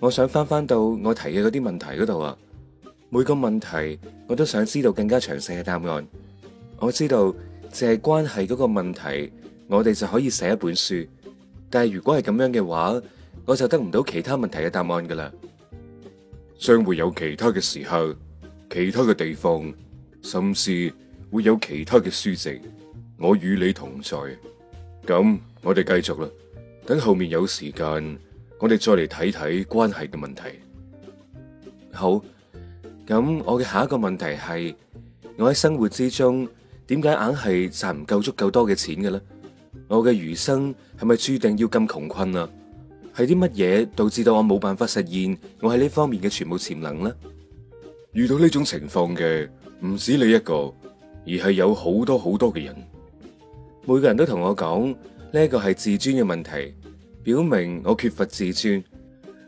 我想翻翻到我提嘅嗰啲問題嗰度啊，每個問題我都想知道更加詳細嘅答案。我知道淨係關係嗰個問題，我哋就可以寫一本書。但係如果係咁樣嘅話，我就得唔到其他問題嘅答案噶啦。將會有其他嘅時候，其他嘅地方，甚至會有其他嘅書籍。我與你同在。咁我哋繼續啦，等後面有時間。我哋再嚟睇睇關係嘅問題。好，咁我嘅下一個問題係：我喺生活之中點解硬係賺唔夠足夠多嘅錢嘅咧？我嘅餘生係咪注定要咁窮困啊？係啲乜嘢導致到我冇辦法實現我喺呢方面嘅全部潛能咧？遇到呢種情況嘅唔止你一個，而係有好多好多嘅人。每個人都同我講，呢一個係自尊嘅問題。表明我缺乏自尊，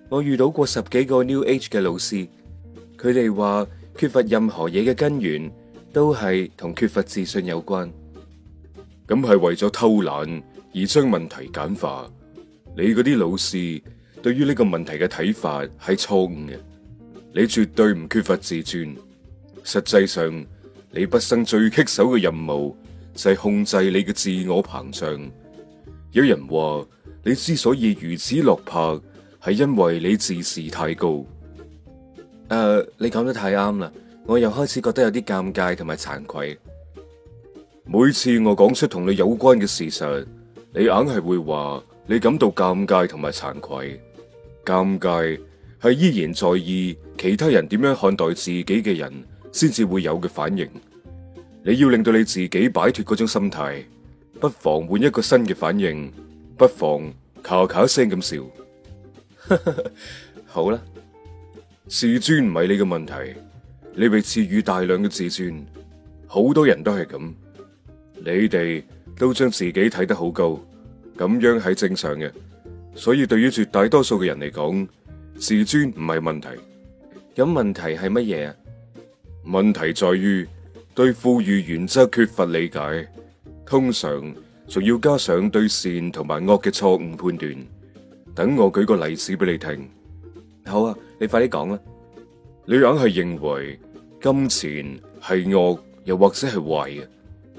我遇到過十幾個 New Age 嘅老師，佢哋話缺乏任何嘢嘅根源都係同缺乏自信有關，咁係為咗偷懶而將問題簡化。你嗰啲老師對於呢個問題嘅睇法係錯誤嘅，你絕對唔缺乏自尊。實際上，你畢生最棘手嘅任務就係控制你嘅自我膨脹。有人話。你之所以如此落魄，係因為你自視太高。誒，uh，你講得太啱啦！我又開始覺得有啲尷尬同埋慚愧。每次我講出同你有關嘅事實，你硬係會話你感到尷尬同埋慚愧。尷尬係依然在意其他人點樣看待自己嘅人先至會有嘅反應。你要令到你自己擺脫嗰種心態，不妨換一個新嘅反應。不妨咔咔聲咁笑， 好啦吧，自尊唔係你嘅問題，你被賜予大量嘅自尊，好多人都係咁，你哋都將自己睇得好高，咁樣係正常嘅，所以對於絕大多數嘅人嚟講，自尊唔係問題，咁問題係乜嘢啊？問題在於對富裕原則缺乏理解，通常。仲要加上對善同埋惡嘅錯誤判斷。等我舉個例子俾你聽。好啊，你快啲講啦。你硬係認為金錢係惡，又或者係壞嘅。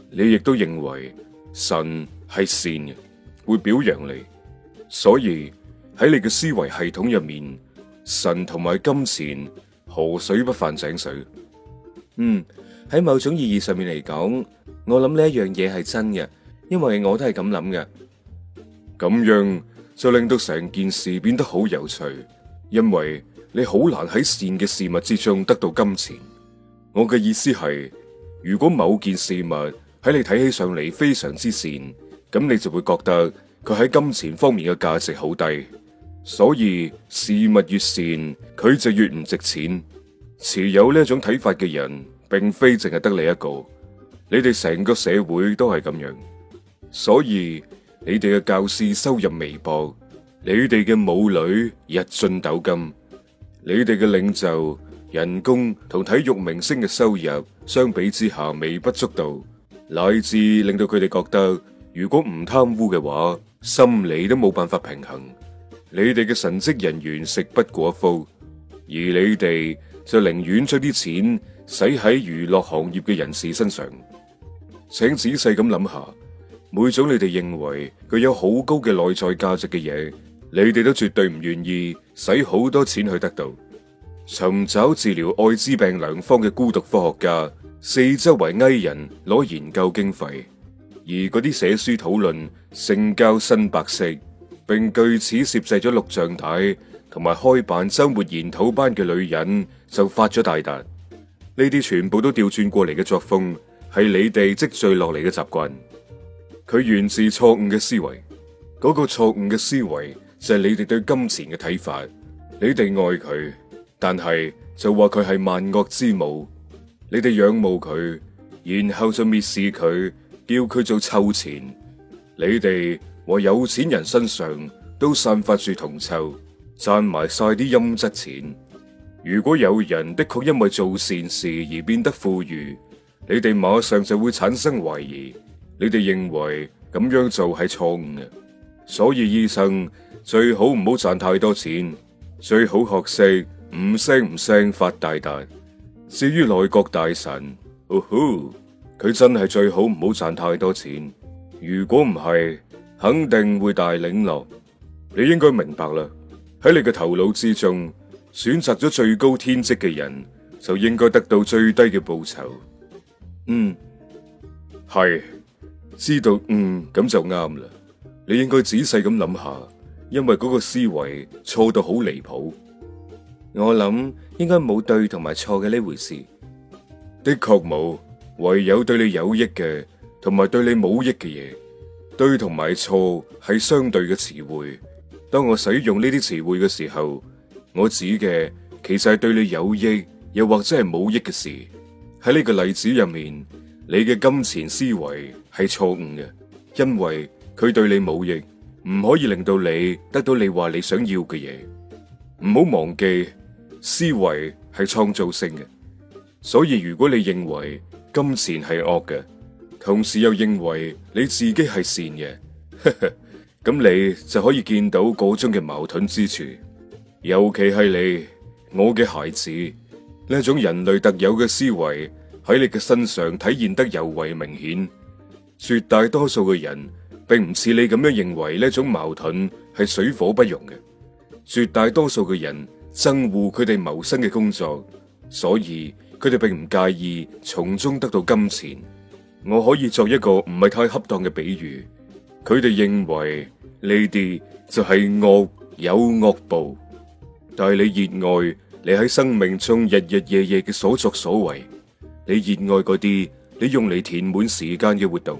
你亦都認為神係善嘅，會表揚你。所以喺你嘅思維系統入面，神同埋金錢河水不犯井水。嗯，喺某種意義上面嚟講，我諗呢一樣嘢係真嘅。因為我都係咁諗嘅，咁樣就令到成件事變得好有趣。因為你好難喺善嘅事物之中得到金錢。我嘅意思係，如果某件事物喺你睇起上嚟，非常之善，咁你就會覺得佢喺金錢方面嘅價值好低。所以事物越善，佢就越唔值錢。持有呢一種睇法嘅人，並非淨係得你一個，你哋成個社會都係咁樣。所以你哋嘅教師收入微薄，你哋嘅舞女日進斗金，你哋嘅領袖人工同體育明星嘅收入相比之下微不足道，乃至令到佢哋覺得如果唔貪污嘅話，心理都冇辦法平衡。你哋嘅神職人員食不果腹，而你哋就寧願將啲錢使喺娛樂行業嘅人士身上，請仔細咁諗下。每種你哋認為佢有好高嘅內在價值嘅嘢，你哋都絕對唔願意使好多錢去得到。尋找治療艾滋病良方嘅孤獨科學家，四周圍呓人攞研究經費，而嗰啲寫書討論性交新白色，並據此攝製咗錄像帶，同埋開辦周末研討班嘅女人，就發咗大達。呢啲全部都調轉過嚟嘅作風，係你哋積聚落嚟嘅習慣。佢源自錯誤嘅思維，嗰、那個錯誤嘅思維就係你哋對金錢嘅睇法。你哋愛佢，但係就話佢係萬惡之母。你哋仰慕佢，然後就蔑視佢，叫佢做臭錢。你哋和有錢人身上都散發住銅臭，賺埋晒啲陰質錢。如果有人的確因為做善事而變得富裕，你哋馬上就會產生懷疑。你哋認為咁樣做係錯誤嘅，所以醫生最好唔好賺太多錢，最好學識唔聲唔聲發大達。至於內閣大臣，哦吼，佢真係最好唔好賺太多錢。如果唔係，肯定會大領落。你應該明白啦。喺你嘅頭腦之中，選擇咗最高天職嘅人，就應該得到最低嘅報酬。嗯，係。知道，嗯，咁就啱啦，你應該仔細咁諗下，因為嗰個思維錯到好離譜。我諗應該冇對同埋錯嘅呢回事，的確冇，唯有對你有益嘅同埋對你冇益嘅嘢，對同埋錯係相對嘅詞彙。當我使用呢啲詞彙嘅時候，我指嘅其實係對你有益又或者係冇益嘅事。喺呢個例子入面，你嘅金錢思維。係錯誤嘅，因為，佢對你冇益，唔可以令到你得到你話你想要嘅嘢。唔好忘記，思維係創造性嘅。所以，如果你認為，金錢係惡嘅，同時又認為，你自己係善嘅，嘿嘿，咁你就可以見到嗰種嘅矛盾之處。尤其係你，我嘅孩子，呢種人類特有嘅思維，喺你嘅身上，體現得尤為明顯。 絕大多數嘅人並唔似你咁樣認為，呢種矛盾係水火不容嘅。絕大多數嘅人憎惡佢哋謀生嘅工作，所以佢哋並唔介意從中得到金錢。我可以作一個唔係太恰當嘅比喻，佢哋認為呢啲就係惡有惡報。但係你熱愛你喺生命中日日夜夜嘅所作所為，你熱愛嗰啲。你用嚟填滿時間嘅活動，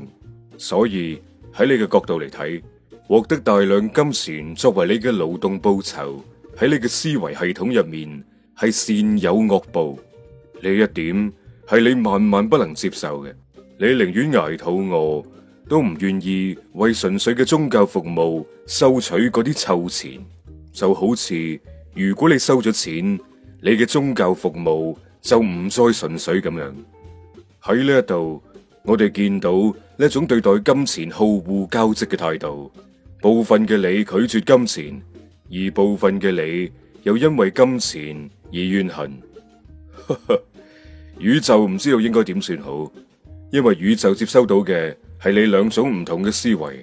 所以喺你嘅角度嚟睇，獲得大量金錢作為你嘅勞動報酬，喺你嘅思維系統入面係善有惡報。呢一點係你萬萬不能接受嘅。你寧願挨肚餓，都唔願意為純粹嘅宗教服務收取嗰啲臭錢。就好似如果你收咗錢，你嘅宗教服務就唔再純粹咁樣。喺呢一度，我哋見到呢一種對待金錢互護交織嘅態度。部分嘅你拒絕金錢，而部分嘅你又因為金錢而怨恨。 宇宙唔知道應該點算好，因為宇宙接收到嘅係你兩種唔同嘅思維，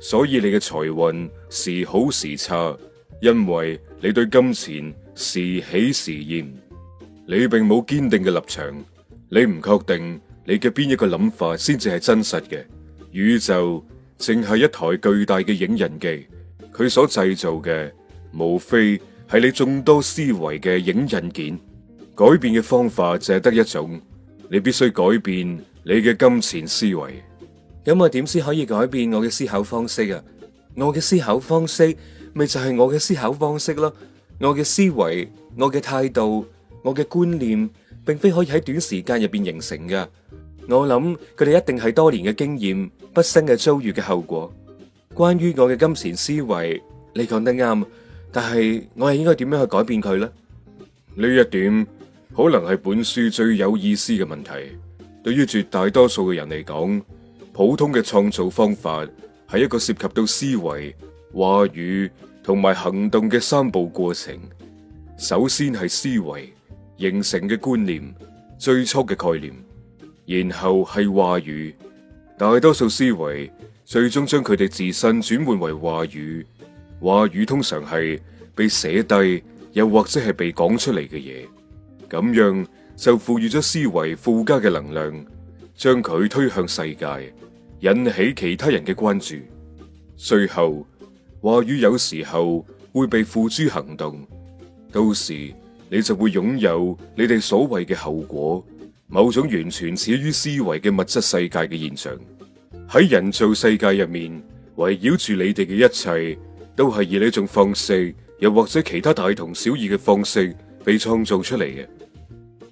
所以你嘅財運時好時差，因為你對金錢時喜時厭，你並冇堅定嘅立場。你唔確定你嘅邊一個諗法先至係真實嘅？宇宙淨係一台巨大嘅影印機，佢所製造嘅無非係你眾多思維嘅影印件。改變嘅方法只得一種，你必須改變你嘅金錢思維。咁我點先可以改變我嘅思考方式啊？我嘅思考方式咪就係我嘅思考方式咯。我嘅思維、我嘅態度、我嘅觀念。並非可以喺短時間入邊形成噶，我諗佢哋一定係多年嘅經驗、畢生嘅遭遇嘅後果。關於我嘅金錢思維，你講得啱，但係我係應該點樣去改變佢呢？呢一點可能係本書最有意思嘅問題。對於絕大多數嘅人嚟講，普通嘅創造方法係一個涉及到思維、話語同埋行動嘅三步過程。首先係思維。形成嘅觀念，最初嘅概念，然後係話語，大多數思維最終將佢哋自身轉換為話語。話語通常係被寫低，又或者係被講出嚟嘅嘢。咁樣就賦予咗思維附加嘅能量，將佢推向世界，引起其他人嘅關注。最後，話語有時候會被付諸行動，到時。你就會擁有你哋所謂嘅後果，某種完全始於思維嘅物質世界嘅現象。喺人造世界入面，圍繞住你哋嘅一切，都係以呢種方式，又或者其他大同小異嘅方式被創造出嚟嘅。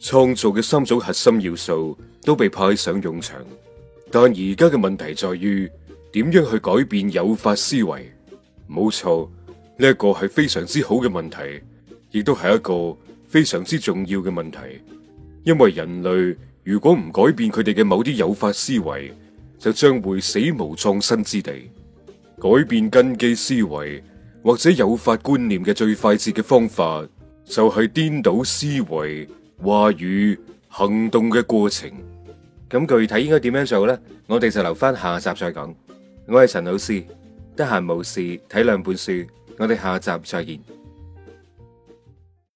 創造嘅三種核心要素都被派上用場，但而家嘅問題在於點樣去改變有法思維？冇錯，呢一個係非常之好嘅問題，亦都係一個。非常之重要嘅問題，因為人類如果唔改變佢哋嘅某啲有法思維，就將會死無葬身之地。改變根基思維或者有法觀念嘅最快捷嘅方法，就係顛倒思維、話語、行動嘅過程。咁具體應該點樣做呢？我哋就留翻下集再講。我係陳老師，得閒冇事睇兩本書。我哋下集再見。